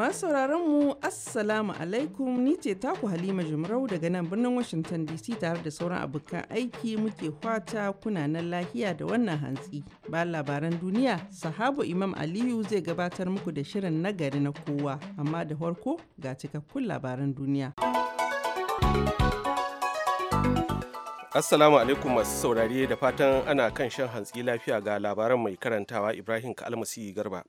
Masu mu Assalamu alaikum ni ce taku Halima Jumrau daga nan birnin Washington DC tare da sauran abokan aiki muke kwata kuna nan lahiya da wannan hantsi. Ba labaran duniya, sahabu Imam Aliyu zai gabatar muku da shirin nagari na kowa, amma da farko ga cikakkun labaran duniya. Assalamu alaikum masu saurari da fatan ana kan shan hantsi lafiya ga labaran mai karantawa Ibrahim Kalmasi Garba.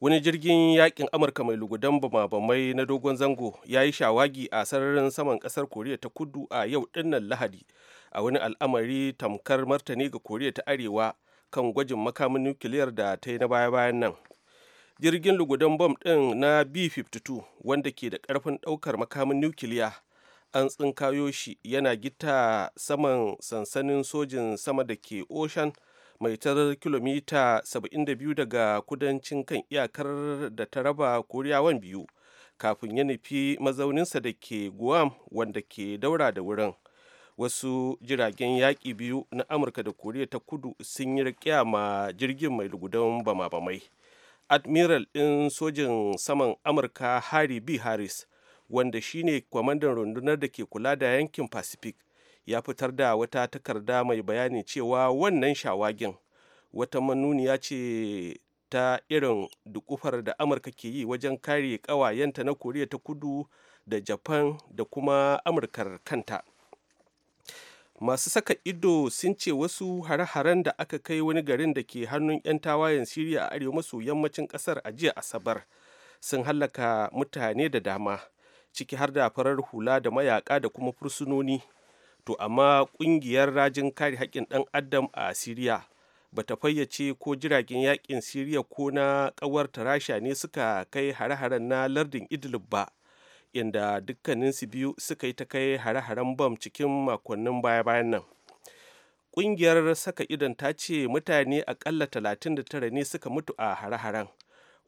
wani jirgin yakin amurka mai lugudan bama-bamai na dogon zango ya yi shawagi a sararin saman kasar koriya ta kudu a yau dinnan lahadi a wani al'amari tamkar martani ga koriya ta arewa kan gwajin makamin nukiliyar da ta yi na baya-bayan nan jirgin lugudan bom din na b-52 wanda ke da karfin daukar makamin nukiliya an tsinkayo shi yana gita saman sansanin sojin sama da ke ocean mai tar kilomita 72 daga kudancin kan iyakar da ta raba koriyawan biyu kafin ya nufi mazauninsa da ke guam wanda ke daura da wurin wasu jiragen yaƙi biyu na amurka da koriya ta kudu sun yi rakiya ma jirgin mai lugudan bama-bamai admiral ɗin sojin saman amurka harry b harris wanda shine kwamandan rundunar da ke kula da yankin pacific ya fitar da wata takarda mai bayani cewa wannan shawagin wata manuniya ce ta irin dukufar da amurka ke yi wajen kare ƙawayenta na koriya ta kudu da japan da kuma amurkar kanta masu saka ido sun ce wasu hare-haren da aka kai wani garin da ke hannun 'yan tawayen siriya a arewa maso yammacin kasar a jiya asabar sun hallaka mutane da dama ciki har da farar hula da mayaka da kuma fursunoni to amma ƙungiyar rajin kare haƙƙin ɗan adam a siriya ba ta fayyace ko jiragen yaƙin siriya ko na ƙawar ta rasha ne suka kai hare-haren na lardin idlib ba inda dukkaninsu biyu suka yi ta kai hare-haren bam cikin makonnin baya-bayan nan ƙungiyar saka idon ta ce mutane aƙalla 39 ne suka mutu a hare-haren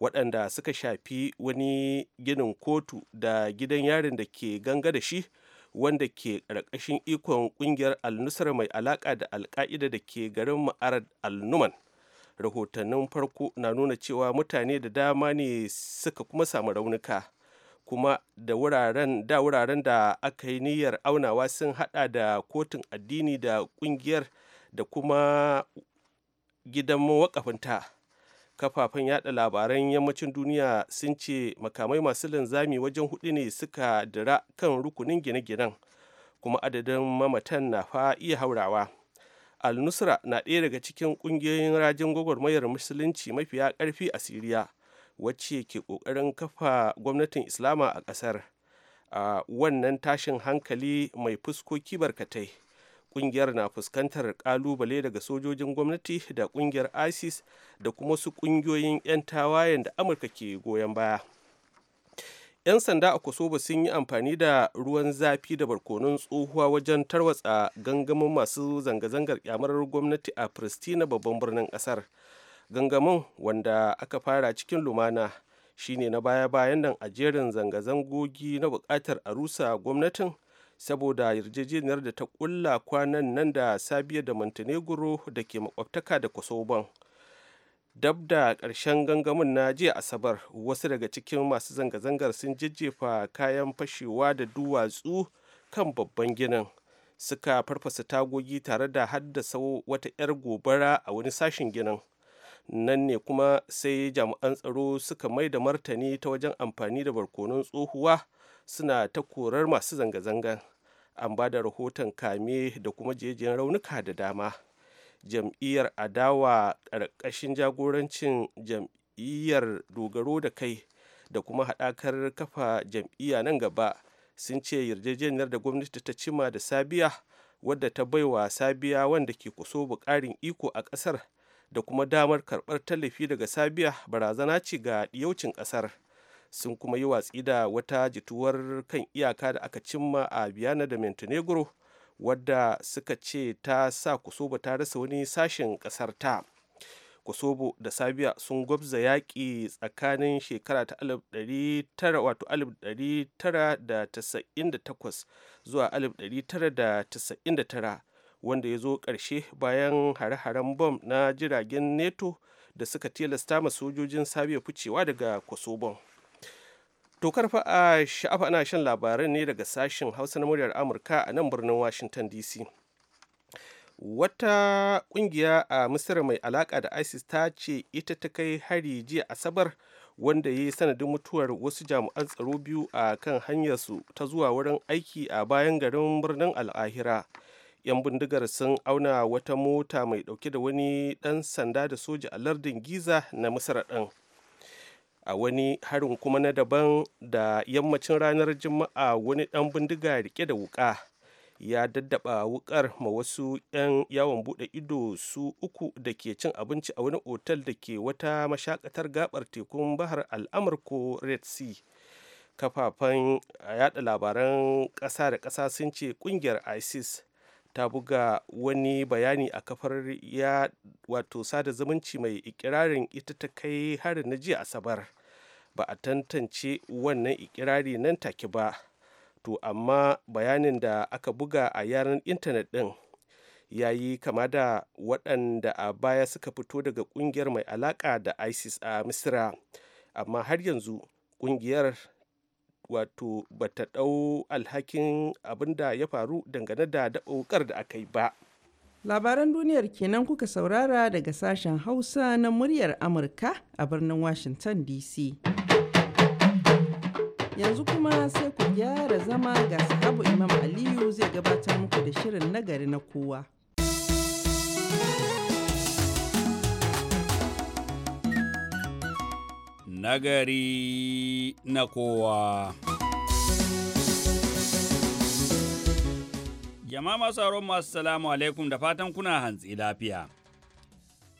waɗanda suka shafi wani ginin kotu da gidan yarin da ke ganga da shi wanda ke ƙarƙashin ikon ƙungiyar al-nusra mai alaƙa da alƙa'ida da ke garin mu'arar al-numan rahotannin farko na nuna cewa mutane da dama ne suka kuma samu raunuka kuma da wuraren da wuraren da aka yi niyyar aunawa sun hada da kotun addini da ƙungiyar da kuma gidan mawakafinta. kafafen yada labaran yammacin duniya sun ce makamai masu linzami wajen hudu ne suka dira kan rukunin gine-ginen kuma adadin mamatan na fa iya haurawa al-nusra na ɗaya daga cikin ƙungiyoyin rajin gwagwarmayar musulunci mafiya ƙarfi a siriya wacce ke ƙoƙarin kafa gwamnatin islama a ƙasar a wannan tashin hankali mai fuskoki barkatai kungiyar na fuskantar kalubale daga sojojin gwamnati da kungiyar isis da kuma su kungiyoyin 'yan tawayen da amurka ke goyon baya 'yan sanda a kosovo sun yi amfani da ruwan zafi da barkonon tsohuwa wajen tarwatsa gangamin masu zanga-zangar kyamarar gwamnati a pristina babban birnin kasar gangamin wanda aka fara cikin lumana shine na baya-bayan nan a jerin zanga-zangogi na bukatar a rusa gwamnatin saboda yarjejeniyar da ta kulla kwanan nan da sabiya da montenegro da ke makwabtaka da kosoban dab da ƙarshen gangamin na jiya asabar wasu daga cikin masu zanga-zangar sun jejjefa kayan fashewa da duwatsu kan babban ginin suka farfasa tagogi tare da haddasa wata 'yar gobara a wani sashen ginin nan ne kuma sai jami'an tsaro suka mai da martani ta wajen amfani da barkonon tsohuwa suna ta korar masu zanga zanga an ba da rahoton kame da kuma jejin raunuka da dama jam'iyyar adawa ƙarƙashin jagorancin jam'iyyar dogaro da kai da kuma haɗakar kafa jam'iyya nan gaba sun ce yarjejeniyar da gwamnati ta cima da sabiya wadda ta baiwa sabiya wanda ke kuso buƙarin iko a ƙasar da kuma damar karɓar tallafi daga sabiya barazana ce ga ɗiyaucin ƙasar sun kuma yi watsi da wata jituwar kan iyaka da aka cimma a biyana da montenegro wadda suka ce ta sa kosovo ta rasa wani sashen ƙasar ta kosovo da sabiya sun gwabza yaƙi tsakanin shekara ta 1998 zuwa 1999 wanda ya zo ƙarshe bayan hare-haren bom na jiragen neto da suka tilasta ma sojojin sabiya ficewa daga kosobon tokar fa a sha'afa ana shan labaran ne daga sashen hausa na muryar amurka a nan birnin washington dc wata kungiya a misira mai alaka da isis ta ce ita ta kai hari jiya asabar wanda ya yi sanadin mutuwar wasu jami'an tsaro biyu a kan hanyarsu ta zuwa wurin aiki a bayan garin birnin al'ahira yan bindigar sun auna wata mota mai dauke da wani ɗan sanda da soja a lardin giza na misira ɗin. a wani harin kuma na daban da yammacin ranar juma'a wani dan bindiga rike da wuka ya daddaba wukar ma wasu 'yan yawon bude ido su uku da ke cin abinci a wani otal da ke wata mashakatar gabar tekun bahar al'amur ko red sea kafafen yada labaran ƙasa da ƙasa sun ce ƙungiyar isis ta buga wani bayani a kafar ya wato sada zumunci mai ikirarin ita ta kai harin na jiya asabar ba a tantance wannan ikirari nan take ba to amma bayanin da aka buga a yaran intanet din ya yi kama da waɗanda a baya suka fito daga ƙungiyar mai alaƙa da isis a misira amma har yanzu ƙungiyar wato bata ɗau alhakin abin da ya faru dangane da daɓaukar da aka yi ba labaran duniyar kenan kuka saurara daga sashen hausa na muryar amurka a birnin washington dc Yanzu kuma sai ku gyara zama ga sahabu Imam Aliyu zai gabatar muku da shirin nagari na kowa. Nagari na kowa. Jama'a masu masu salamu alaikum da fatan kuna hantsi lafiya.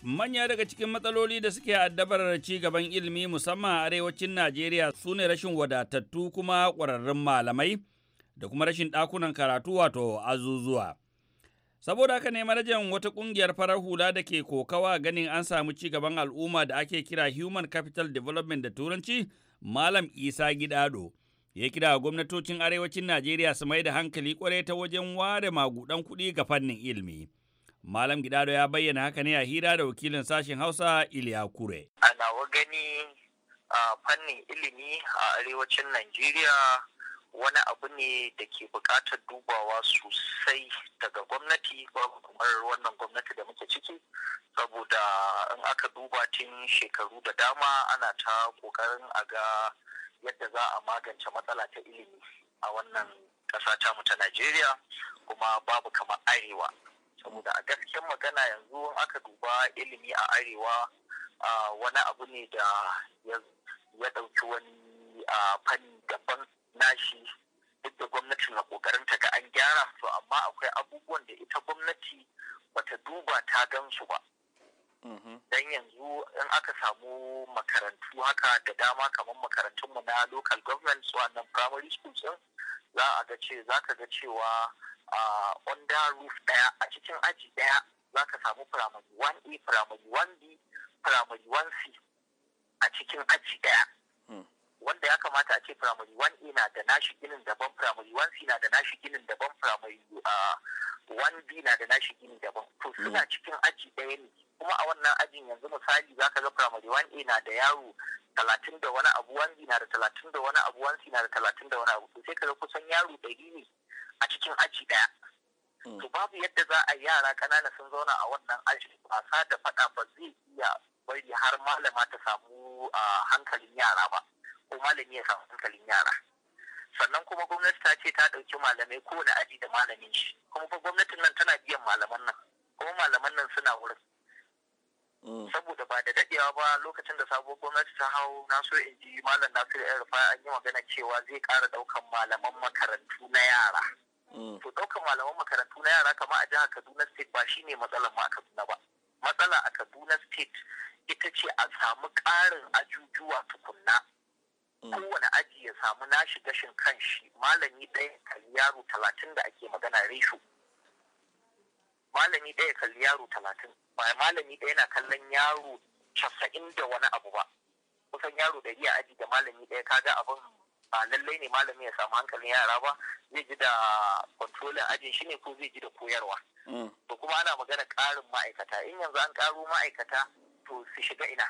Manya daga cikin matsaloli da suke addabar ci gaban ilimi musamman a arewacin Najeriya su ne rashin wadatattu kuma ƙwararrun malamai da kuma rashin ɗakunan karatu wato azuzuwa. Saboda haka ne manajan wata ƙungiyar farar hula da ke kokawa ganin an samu ci gaban al'umma da ake kira Human Capital Development da Turanci, Malam Isa Gidado. Ya kira gwamnatocin arewacin Najeriya su mai da hankali ƙwarai ta wajen ware magudan kuɗi ga fannin ilimi. Malam Gidado ya bayyana haka ne a hira da wakilin sashen Hausa Iliya Kure. A nawa gani a fannin ilimi a arewacin Najeriya wani abu ne da ke buƙatar dubawa sosai daga gwamnati babu kamar wannan gwamnati da muke ciki saboda in aka duba tun shekaru da dama ana ta ƙoƙarin a ga yadda za a magance matsala ta ilimi a wannan ƙasa ta mu ta Najeriya kuma babu kamar arewa saboda a gaskiyar magana yanzu aka duba ilimi a arewa wani abu ne da ya dauki wani fanni daban nashi duk da gwamnati na ƙoƙarin ta ga an gyara su amma akwai abubuwan da ita gwamnati bata duba ta gan su ba mm-hmm. dan yanzu in aka samu makarantu haka da dama kamar makarantunmu na local government su wannan primary schools za a ga ce za ka ga cewa a under roof daya a cikin aji daya za ka samu firamari 1a firamari 1b firamari 1c a cikin aji daya hmm. wanda ya kamata a ce firamari 1a na da nashi ginin daban firamari 1c na da nashi ginin daban firamari 1b na da nashi ginin daban to hmm. suna cikin aji daya ne kuma a wannan ajin yanzu misali za ka ga firamari 1a na da yaro talatin da wani abu 1b na da talatin da wani abu 1c na da talatin da wani abu sai ka ga kusan yaro ɗari ne a cikin aji ɗaya. Hmm. To babu yadda za a yara ƙanana sun zauna a wannan aji wasa da faɗa ba zai iya bari har malama ta samu hankalin yara ba ko malami ya samu hankalin yara. sannan kuma gwamnati ta ce ta ɗauki malamai kowane aji da malamin shi kuma fa gwamnatin nan tana biyan malaman nan kuma malaman nan suna wurin hmm. saboda ba da daɗewa ba lokacin da sabuwar gwamnati ta hau na so in ji malam nasiru yan rufa an yi magana cewa zai ƙara ɗaukan malaman makarantu na yara Mm. to daukan malaman makarantu na yara kama a jihar kaduna state ba shine matsalar ma a kaduna ba matsala a kaduna state ita ce a samu ƙarin ajujuwa tukunna mm. kowane aji ya samu nashi gashin kanshi malami ɗaya kalli yaro talatin da ake magana reshu malami ɗaya kalli yaro talatin ba malami ɗaya na kallon yaro casa'in da wani abu ba kusan yaro ɗari a aji da malami ɗaya kaga abin ba lallai ne malami ya samu hankalin yara ba zai ji da kontrolin ajin shi ne ko zai ji da koyarwa mm. to kuma ana magana karin ma'aikata in yanzu an karo ma'aikata to su shiga ina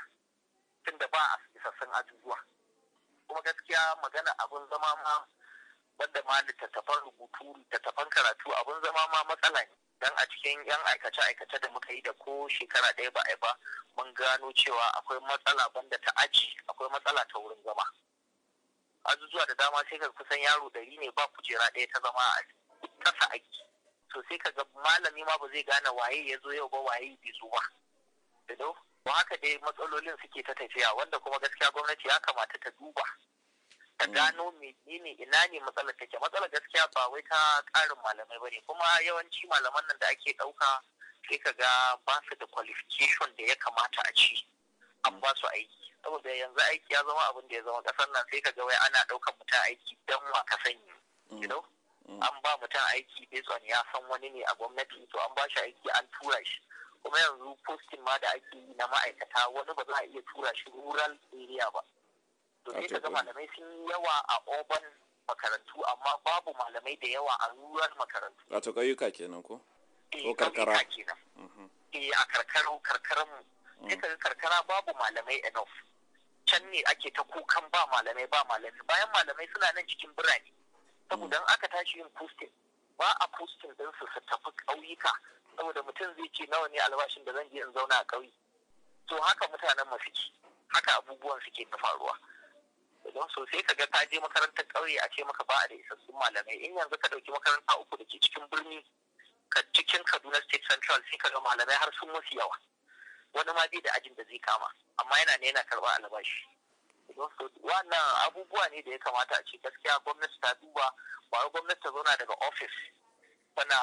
tunda ba a isassun ajujuwa kuma gaskiya magana abun zama ma banda ma littattafan rubutu littattafan karatu abun zama ma matsala ne dan a cikin yan aikace-aikace da muka yi da ko shekara ɗaya ba a ba mun gano cewa akwai matsala banda ta aji akwai matsala ta wurin zama azuzuwa da dama sai ka kusan yaro ɗari ne ba kujera ɗaya ta zama a kasa aiki to sai ka ga malami ma ba zai gane waye ya zo yau ba waye bai zo ba to haka dai matsalolin suke ta tafiya wanda kuma gaskiya gwamnati ya kamata ta duba ta mm. gano menene ina ne matsalar take matsalar gaskiya ba wai ta karin malamai bane kuma yawanci malaman nan da ake ɗauka sai ka ga ba su da qualification da ya kamata a ci an ba su aiki saboda yanzu aiki ya zama abin da ya zama kasar nan sai ka ga wai ana ɗaukar mutum aiki don wa ka sani mm. an ba mutum aiki based on ya san wani ne a gwamnati to an ba shi aiki an tura shi kuma yanzu postin ma da ake yi na ma'aikata wani ba za a iya tura shi rural area ba to sai ka ga malamai sun yi yawa a urban makarantu amma babu malamai da yawa a rural makarantu wato ƙauyuka kenan ko eh, ko karkara mm-hmm. eh a karkaru karkaran mu sai ka ga karkara babu malamai enough can ne ake ta kukan ba malamai ba malamai bayan malamai suna nan cikin birane saboda aka tashi yin posting ba a posting din su su tafi ƙauyuka saboda mutum zai ce nawa ne albashin da zan je in zauna a ƙauye to haka mutanen masu ci haka abubuwan suke ta faruwa don so sai ka ga ka je makarantar ƙauye a ce maka ba a da isassun malamai in yanzu ka ɗauki makaranta uku da ke cikin birni ka cikin Kaduna State Central sai ka ga malamai har sun musu yawa wani ma bi da ajin da zai kama amma yana ne yana karɓa albashi wannan abubuwa ne da ya kamata a ce gaskiya gwamnati ta duba ba gwamnati ta zauna daga ofis tana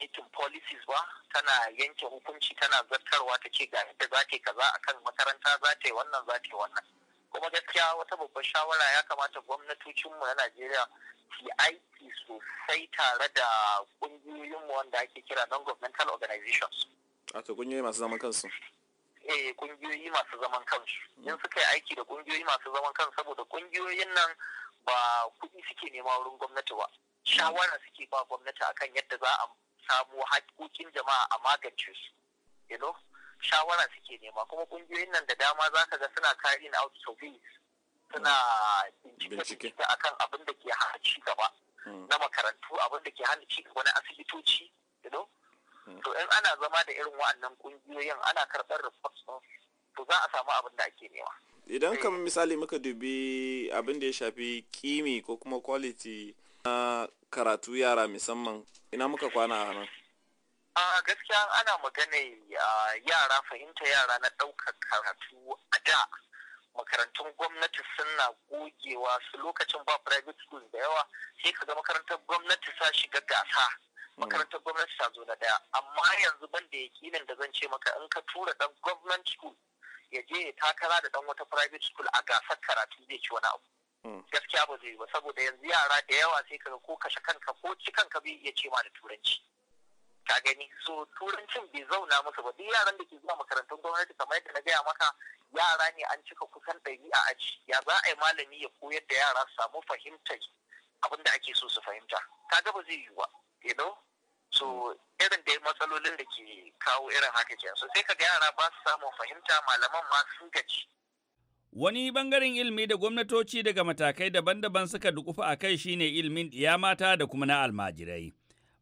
mitin policies ba tana yanke hukunci tana zartarwa ta ce ga yadda za ta yi kaza akan makaranta za ta yi wannan za ta yi wannan kuma gaskiya wata babbar shawara ya kamata gwamnatocinmu na najeriya su yi aiki sosai tare da ƙungiyoyinmu wanda ake kira non-governmental organizations. Wato kungiyoyi masu zaman kansu. Eh, kungiyoyi masu zaman kansu in suka yi aiki da kungiyoyi masu zaman kansu saboda kungiyoyin nan ba kuɗi suke nema wurin gwamnati ba shawara suke ba gwamnati akan yadda za a samu haƙoƙin jama'a a magance su you know shawara suke nema kuma kungiyoyin nan da dama za ka ga suna carrying out surveys suna bincike akan abin da ke hana ci gaba hmm. na makarantu abin da ke hana ci na asibitoci you know Mm. to in ana zama da irin wa'annan kungiyoyin ana karɓar response to za a samu abin da ake nema idan eh. kamar misali muka dubi abin da ya shafi kimi ko kuma quality na karatu yara musamman ina muka kwana a nan a gaskiya ana magana yara fahimta yara na ɗaukar karatu a da makarantun gwamnati suna gogewa su lokacin ba private schools da yawa sai ka ga makarantar gwamnati sa shiga gasa makarantar gwamnati ta zo na daya amma yanzu ban da yakinin da zan ce maka in ka tura dan government school ya je ya takara da dan wata private school a gasar karatu zai ci wani abu hmm. gaskiya ba zai yi ba saboda yanzu yara da yawa sai kaga ko kashe kanka ko ci kanka bai iya ce ma da turanci ka gani so turancin bai zauna musu ba duk yaran da ke zuwa makarantun gwamnati kamar yadda na gaya maka yara ne an cika kusan ɗari a aji ya za a yi malami ya koyar da yara su samu fahimtar abin da ake so su fahimta kaga ba zai yi ba you know so irin dai matsalolin da ke kawo irin haka ke so sai kaga yara ba su samun fahimta malaman ma sun gaji Wani bangaren ilimi da gwamnatoci daga matakai daban-daban suka dukufa a kai shine ilimin ɗiya mata da kuma na almajirai.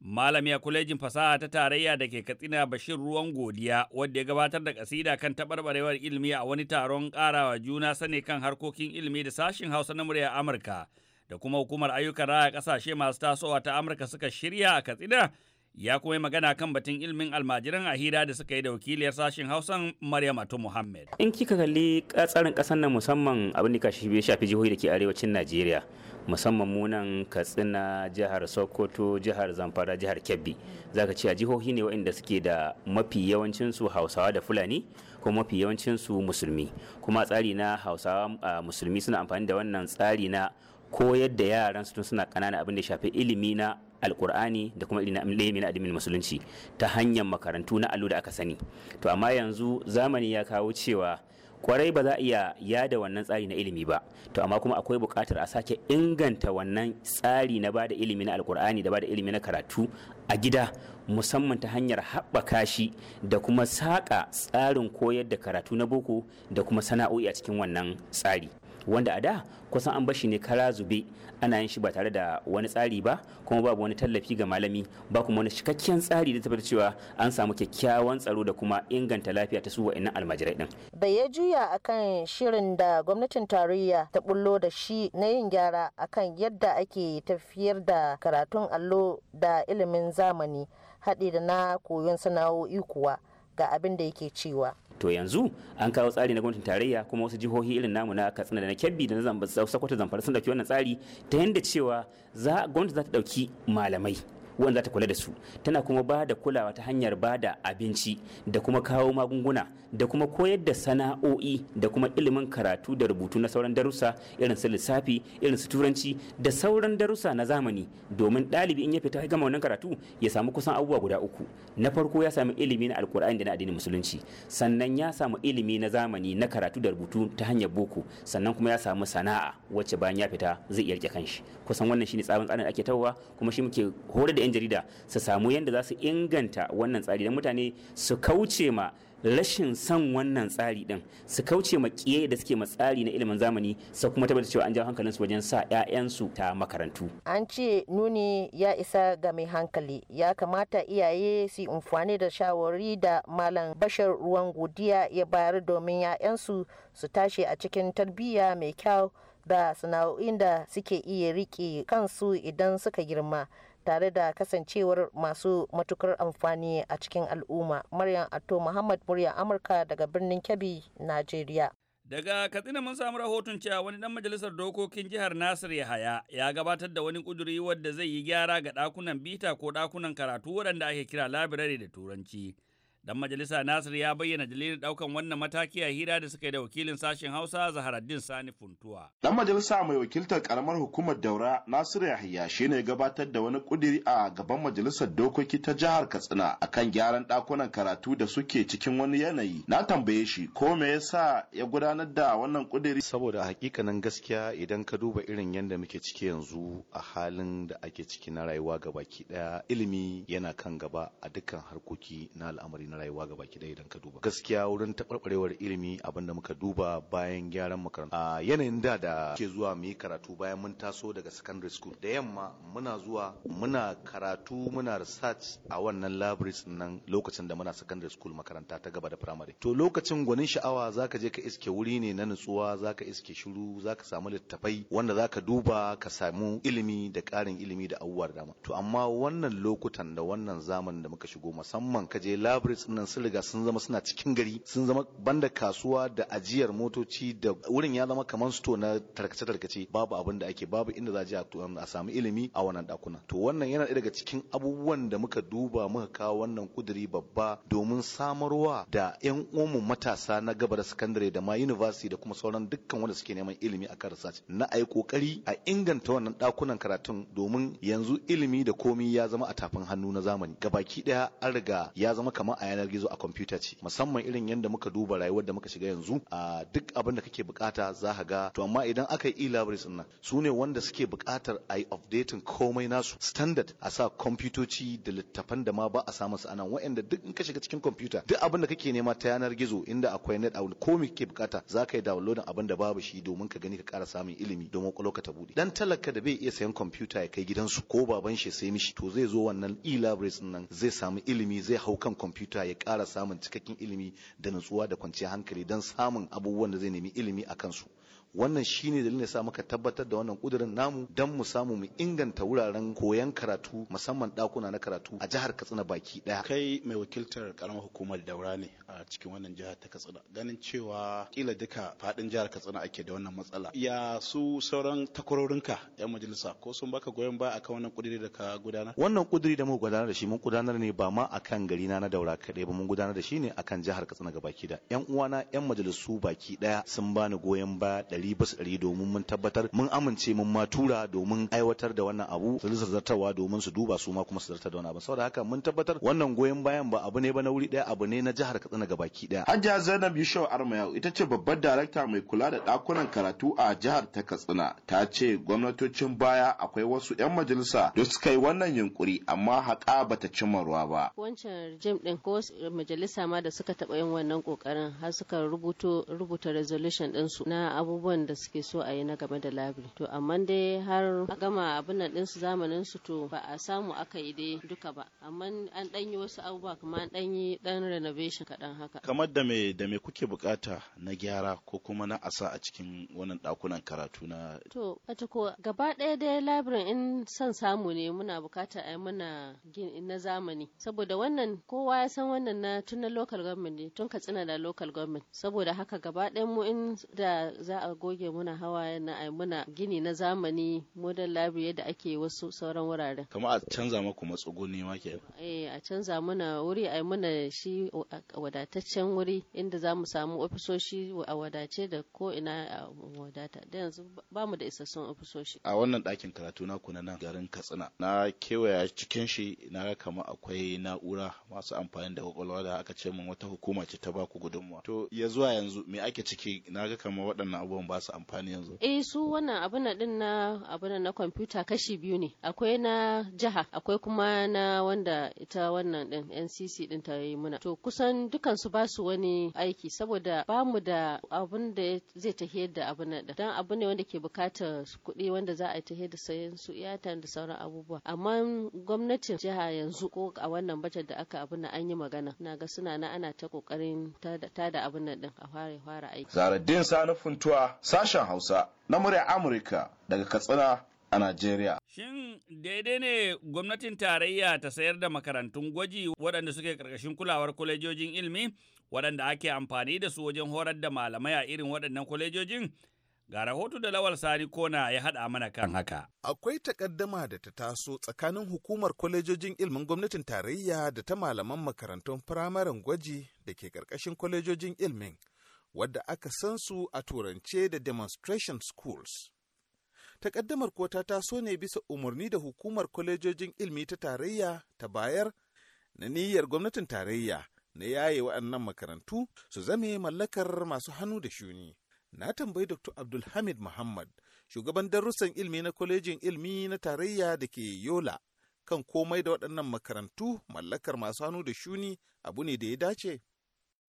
Malami a Kulejin fasaha ta tarayya da ke Katsina Bashir Ruwan Godiya wadda ya gabatar da kasida kan taɓarɓarewar ilimi a wani taron ƙarawa juna sane kan harkokin ilimi da sashin Hausa na murya Amurka da kuma hukumar ayyukan raya ƙasashe masu tasowa ta Amurka suka shirya a Katsina ya kuma magana kan batun ilimin almajiran a hira da suka yi da wakiliyar sashen hausan maryam atu muhammad in kika kalli tsarin kasar nan musamman abin da kashi bai shafi jihohi da ke arewacin najeriya musamman munan katsina jihar sokoto jihar zamfara jihar kebbi zaka ce a jihohi ne waɗanda suke da mafi yawancinsu hausawa da fulani ko mafi yawancinsu musulmi kuma tsari na hausawa musulmi suna amfani da wannan tsari na koyar da yaran su suna kanana abin da shafi ilimi na alkur'ani da kuma ilimi na musulunci ta hanyar makarantu na allo da aka sani to amma yanzu zamani ya kawo cewa kwarai ba za a iya yada wannan tsari na ilimi ba to amma kuma akwai buƙatar a sake inganta wannan tsari na ba da ilimi na alkur'ani da ba da ilimi na karatu a gida musamman ta hanyar haɓaka shi da kuma saƙa tsarin koyar da karatu na boko da kuma sana'o'i a cikin wannan tsari wanda a da kusan an bashi ne kara zube ana yin shi ba tare da wani tsari ba kuma babu wani tallafi ga malami ba kuma wani cikakken tsari da tabbatar cewa an samu kyakkyawan tsaro da kuma inganta lafiya ta su wa'annan almajirai din bai ya juya akan shirin da gwamnatin tarayya ta bullo da shi na yin gyara akan yadda ake tafiyar da karatun allo da ilimin zamani haɗe da na koyon sana'o'i kuwa ga abin da yake cewa to yanzu an kawo tsari na gwamnatin tarayya kuma wasu jihohi irin namu na katsina da na kebbi da na sokoto zamfara sun dauki wannan tsari ta yadda cewa za gwamnati za ta dauki malamai wanda za ta kula da su tana kuma ba da kulawa ta hanyar ba da abinci da kuma kawo magunguna da kuma koyar da sana'o'i da kuma ilimin karatu da rubutu na sauran darussa irin su lissafi irin su turanci da sauran darussa na zamani domin ɗalibi in ya fita ya gama wannan karatu ya samu kusan abubuwa guda uku na farko ya samu ilimi na alkur'ani da na addinin musulunci sannan ya samu ilimi na zamani na karatu da rubutu ta hanyar boko sannan kuma ya samu sana'a wacce bayan ya fita zai iya rike kanshi kusan wannan shine tsarin tsarin da ake tawowa kuma shi muke horar da 'yan jarida su samu yadda za su inganta wannan tsari don mutane su kauce ma rashin son wannan tsari din su kauce ma kiye da suke ma tsari na ilimin zamani su kuma tabbatar cewa an jawo hankalinsu wajen sa 'ya'yansu ta makarantu an ce nuni ya isa ga mai hankali ya kamata iyaye su amfani da shawari da malam bashar ruwan godiya ya bayar domin 'ya'yansu su tashi a cikin tarbiyya mai kyau da sana'o'in da suke iya rike kansu idan suka girma tare da kasancewar masu matukar amfani a cikin al'umma maryam ato muhammad murya amurka daga birnin kebbi najeriya Daga Katsina mun samu rahoton cewa wani dan majalisar dokokin jihar Nasir Yahaya ya gabatar da wani ƙuduri wadda zai yi gyara ga dakunan bita ko dakunan karatu waɗanda ake kira labirare da Turanci. Dan majalisa Nasir ya bayyana dalilin daukan wannan mataki a hira da suka yi da wakilin sashen Hausa Zaharaddin Sani Funtuwa. Dan majalisa mai wakiltar karamar hukumar Daura Nasir Yahya ne gabatar da wani kudiri a gaban majalisar dokoki ta jihar Katsina akan gyaran dakunan karatu da suke cikin wani yanayi. Na tambaye shi ko me yasa ya gudanar da wannan kudiri saboda hakikanin gaskiya idan ka duba irin yadda muke ciki yanzu a halin da ake ciki na rayuwa gabaki daya ilimi yana kan gaba a dukkan harkoki na al'amari na rayuwa gaba ki idan ka duba gaskiya wurin taɓarɓarewar ilimi abin da muka duba bayan gyaran makaranta a yanayin da da ke zuwa mu yi karatu bayan mun taso daga secondary school da yamma muna zuwa muna karatu muna research a wannan libraries nan lokacin da muna secondary school makaranta ta gaba da primary to lokacin gwanin sha'awa zaka je ka iske wuri ne na nutsuwa zaka iske shiru zaka samu littafai wanda zaka duba ka samu ilimi da ƙarin ilimi da abubuwa dama to amma wannan lokutan da wannan zamanin da muka shigo musamman ka je libraries sun nan sun riga sun zama suna cikin gari sun zama banda kasuwa da ajiyar motoci da wurin ya zama kamar sto na tarkace-tarkace babu abin da ake babu inda za a a samu ilimi a wannan dakuna to wannan yana daga cikin abubuwan da muka duba muka kawo wannan kuduri babba domin samarwa da yan uwanmu matasa na gaba da sakandare da ma university da kuma sauran dukkan wanda suke neman ilimi akan research na ai kokari a inganta wannan dakunan karatun domin yanzu ilimi da komi ya zama a tafin hannu na zamani gabaki daya an riga ya zama kamar a yanar gizo a kwamfuta ce musamman irin yadda muka duba rayuwar da muka shiga yanzu a duk abin da kake bukata za ka ga to amma idan aka yi e-libraries din su ne wanda suke bukatar a yi updating komai nasu standard a sa kwamfutoci da littafan da ma ba a samun su anan wa'anda duk in ka shiga cikin kwamfuta duk abin da kake nema ta yanar gizo inda akwai net out ko me kake bukata za ka yi downloadin abin da babu shi domin ka gani ka kara samun ilimi domin kwalo ka ta bude dan talaka da bai iya sayan kwamfuta ya kai gidansu ko baban shi sai mishi to zai zo wannan e-libraries din zai samu ilimi zai hau kan kwamfuta ya ƙara samun cikakken ilimi da nutsuwa da kwanciyar hankali don samun abubuwan da zai nemi ilimi a kansu wannan shine dalilin da sa muka tabbatar da wannan kudirin namu don mu samu mu inganta wuraren koyon karatu musamman ɗakuna na karatu a jihar Katsina baki ɗaya. Kai mai wakiltar karamar hukumar Daura ne a cikin wannan jihar ta Katsina ganin cewa kila duka faɗin jihar Katsina ake da wannan matsala. Ya su sauran takwarorinka 'yan majalisa ko sun baka goyon baya akan wannan kudiri da ka gudanar? Wannan kudiri da muka gudanar da shi mun gudanar ne ba ma akan gari na na Daura kaɗai ba mun gudanar da shi ne akan jihar Katsina baki da yan uwana yan majalisu baki daya sun bani goyon baya ɗari bas ɗari domin mun tabbatar mun amince mun ma tura domin aiwatar da wannan abu su zartarwa domin su duba su ma kuma su zartar da wannan abu saboda haka mun tabbatar wannan goyon bayan ba abu ne ba na wuri daya abu ne na jihar Katsina baki daya hajja Zainab Yusuf Armayau ita ce babbar darakta mai kula da ɗakunan karatu a jihar ta Katsina ta ce gwamnatocin baya akwai wasu 'yan majalisa da suka yi wannan yunkuri amma haƙa bata cimma ruwa ba. Wancan jim ɗin ko wasu eh, majalisa ma da suka taɓa yin wannan ƙoƙarin har suka rubuta resolution ɗinsu na abubuwan da suke so a yi na game da labiri to amma dai har gama abin nan ɗinsu zamanin su to ba a samu aka yi dai duka ba amma an ɗan yi wasu abubuwa kuma an ɗan yi ɗan renovation kaɗan haka kamar da me da me kuke buƙata na gyara ko kuma na asa a cikin wannan ɗakunan karatu na to ko gaba ɗaya dai labirin in son samu ne muna buƙata a yi muna na zamani saboda wannan kowa ya san kusan wannan na tun na local government ne tun katsina da local government saboda haka gaba ɗayan mu in da za a goge muna hawa na ai muna gini na zamani modern library da ake wasu sauran wuraren kamar a canza maku matsuguni ma ke eh a canza muna wuri ai muna shi wadataccen wuri inda za mu samu ofisoshi a wadace da ko ina a wadata da yanzu ba mu da isassun ofisoshi a wannan ɗakin karatu na kuna nan garin katsina na kewaya cikin shi na kama akwai na'ura masu amfani da kwakwalwa da aka ce min wata hukuma ce ta baku gudunmuwa to ya zuwa yanzu me ake ciki na ga kamar waɗannan abubuwan ba su amfani yanzu eh su wannan abin na din na abin na kwamfuta kashi biyu ne akwai na jiha akwai kuma na wanda ita wannan din NCC din ta yi muna to kusan dukan su ba su wani aiki saboda ba mu da abin da zai tahiyar da abin nan dan abu ne wanda ke bukatar kuɗi wanda za a tahiyar da sayan su iyatan da sauran abubuwa amma gwamnatin jiha yanzu ko a wannan bajet da aka abin an yi magana na ga suna na ana ta kokarin da abin nan din a fara fara aiki zaradin sani funtuwa sashen hausa na murya amurka daga katsina a Najeriya. Shin daidai ne gwamnatin tarayya ta sayar da makarantun gwaji waɗanda suke ƙarƙashin kulawar kwalejojin ilimi waɗanda ake amfani da su wajen horar da malamai a irin waɗannan kwalejojin Ga rahoto da Lawal Sani Kona ya haɗa mana kan haka. Akwai takaddama da ta taso tsakanin hukumar kwalejojin ilmin gwamnatin tarayya da ta malaman makarantun firamaren gwaji da ke ƙarƙashin kwalejojin ilmin, wadda aka san su a turance da demonstration schools. Takaddamar ko ta taso ne bisa umarni da hukumar kwalejojin ilmi ta tarayya ta bayar na niyyar gwamnatin tarayya na yaye waɗannan makarantu su zame mallakar masu hannu da shuni. na tambayi Dr. Abdulhamid Muhammad, shugaban darussan ilmi na kwalejin ilmi na tarayya da ke Yola, kan komai da waɗannan makarantu mallakar masu hannu da shuni abu ne da ya dace.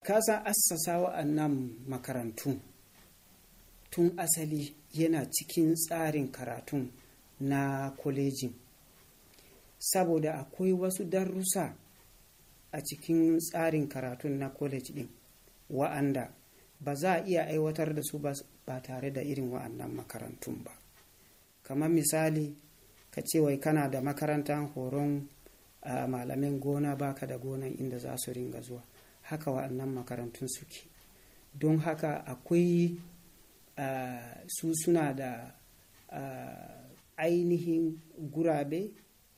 Ka assasa wa'annan makarantu tun asali yana cikin tsarin karatun na kwalejin, saboda akwai wasu darussa a cikin tsarin karatun na kwalej ɗin wa'anda ba za a iya aiwatar da su ba tare da irin wa'annan makarantun ba kamar misali ka ce wai kana da makarantar horon malamin gona baka da gonan inda za su ringa zuwa haka wa'annan makarantun suke don haka akwai su suna da ainihin gurabe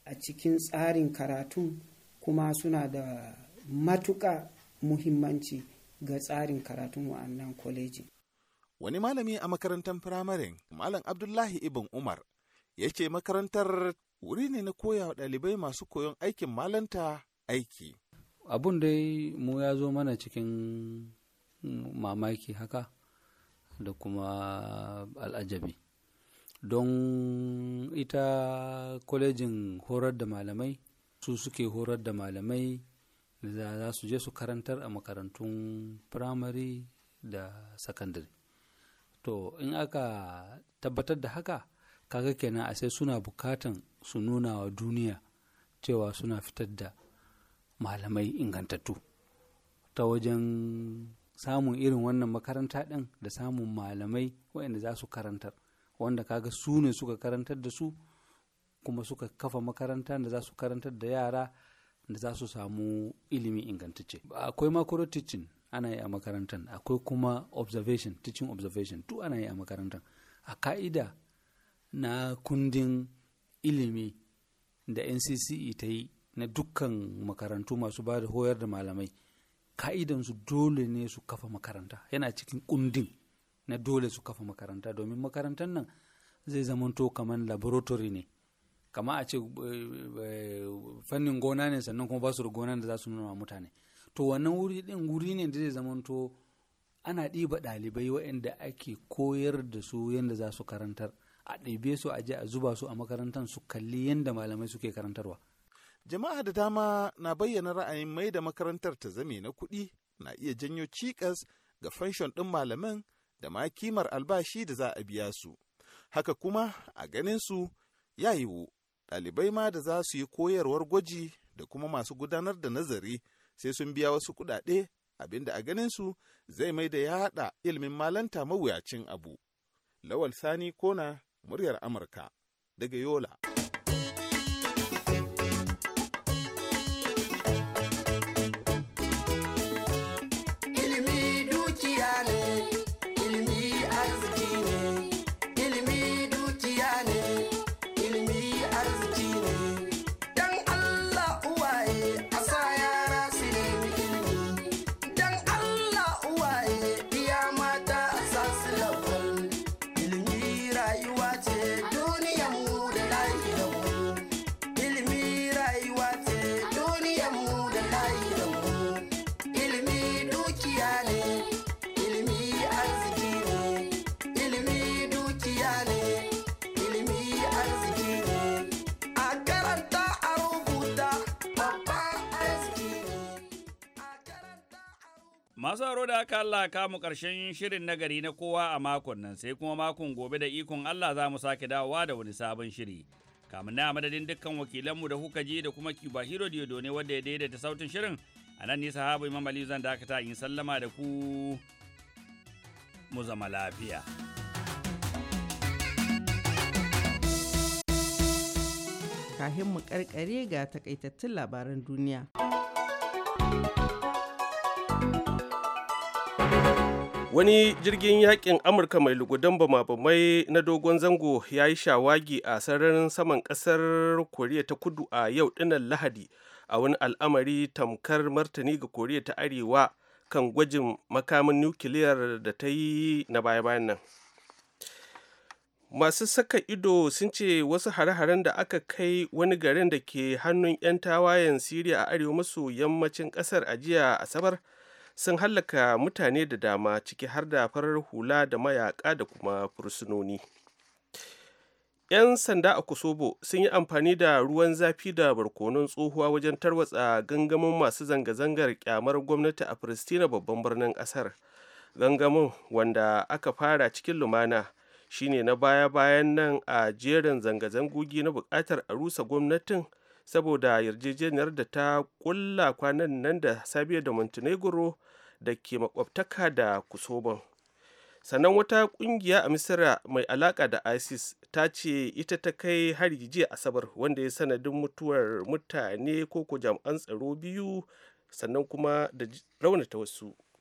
a cikin tsarin karatu kuma suna da matuƙa muhimmanci ga tsarin karatun wa'annan kwaleji. Wani malami a makarantar firamarin, Malam Abdullahi Ibn Umar, ya ce makarantar wuri ne na koya wa ɗalibai masu koyon aikin malanta aiki. Abun dai mu ya zo mana cikin mamaki haka da kuma al'ajabi. Don ita kwalejin horar da malamai, su suke horar da malamai da za su je su karantar a makarantun firamare da sakandare to in aka tabbatar da haka kaga kenan a sai suna bukatan su nuna wa duniya cewa suna fitar da malamai ingantattu ta wajen samun irin wannan makaranta ɗin da samun malamai waɗanda za su karantar wanda kaga su ne suka karantar da su kuma suka kafa makaranta da za su karantar da yara da za su samu ilimi ingantacce akwai makoro teaching ana yi a makarantar akwai kuma observation teaching observation duk ana yi a makarantar a ka'ida na kundin ilimi da ncce ta yi na dukkan makarantu masu ba da hoyar da malamai ka'idansu dole ne su kafa makaranta yana cikin kundin na dole su kafa makaranta domin makarantar nan zai zamanto kamar laboratory ne kama a ce eh, eh, fannin gona ne sannan kuma ba su da gona da za su nuna mutane to wannan wuri din wuri ne da zai zamanto ana ɗiba ɗalibai waɗanda ake koyar da su yadda za su karantar a ɗibe su a je a zuba su a makarantar su kalli yadda malamai suke karantarwa jama'a da dama na bayyana ra'ayin mai da makarantar ta zame na kuɗi na iya janyo cikas ga fanshon ɗin malaman da ma kimar albashi da za a biya su haka kuma a ganin su ya yiwu ɗalibai ma da za su yi koyarwar gwaji da kuma masu gudanar da nazari sai sun biya wasu kuɗaɗe abinda a ganin su zai mai da yada ilimin malanta mawuyacin abu. Lawal Sani Kona, muryar Amurka, daga Yola. Masu haro da aka Allah kamu ƙarshen shirin nagari na kowa a makon nan sai kuma makon gobe da ikon Allah za mu sake dawowa da wani sabon shiri. Kamun na madadin dukkan wakilanmu da kuka ji da kuma Kiba Hiro Diodo ne wadda ya daidaita sautin shirin a nan nisa habu Imam Ali zan dakata in sallama da ku mu zama lafiya. Kahin mu karkare ga takaitattun labaran duniya. wani jirgin yakin amurka mai lugudan bama-bamai na dogon zango ya yi shawagi a sararin saman kasar koriya ta kudu a yau dinnan lahadi a wani al'amari tamkar martani ga koriya ta arewa kan gwajin makamin nukiliyar da ta yi na baya-bayan nan masu saka ido sun ce wasu hare-haren da aka kai wani garin da ke hannun 'yan tawayen siriya a arewa maso yammacin kasar a jiya asabar sun hallaka mutane da dama ciki har da farar hula da mayaka da kuma fursunoni. 'Yan sanda a Kosovo sun yi amfani da ruwan zafi da barkonon tsohuwa wajen tarwatsa gangamin masu zanga-zangar kyamar gwamnati a Pristina babban birnin ƙasar. Gangamin wanda aka fara cikin lumana shine na baya-bayan nan a jerin zanga-zangogi na buƙatar a rusa gwamnatin saboda yarjejeniyar da ta kulla kwanan nan da sabiya da montenegro da ke makwabtaka da kusoban sannan wata kungiya a misira mai alaka da isis ta ce ita ta kai hari jiya asabar wanda ya sanadin mutuwar mutane ko ko tsaro biyu sannan kuma da raunata wasu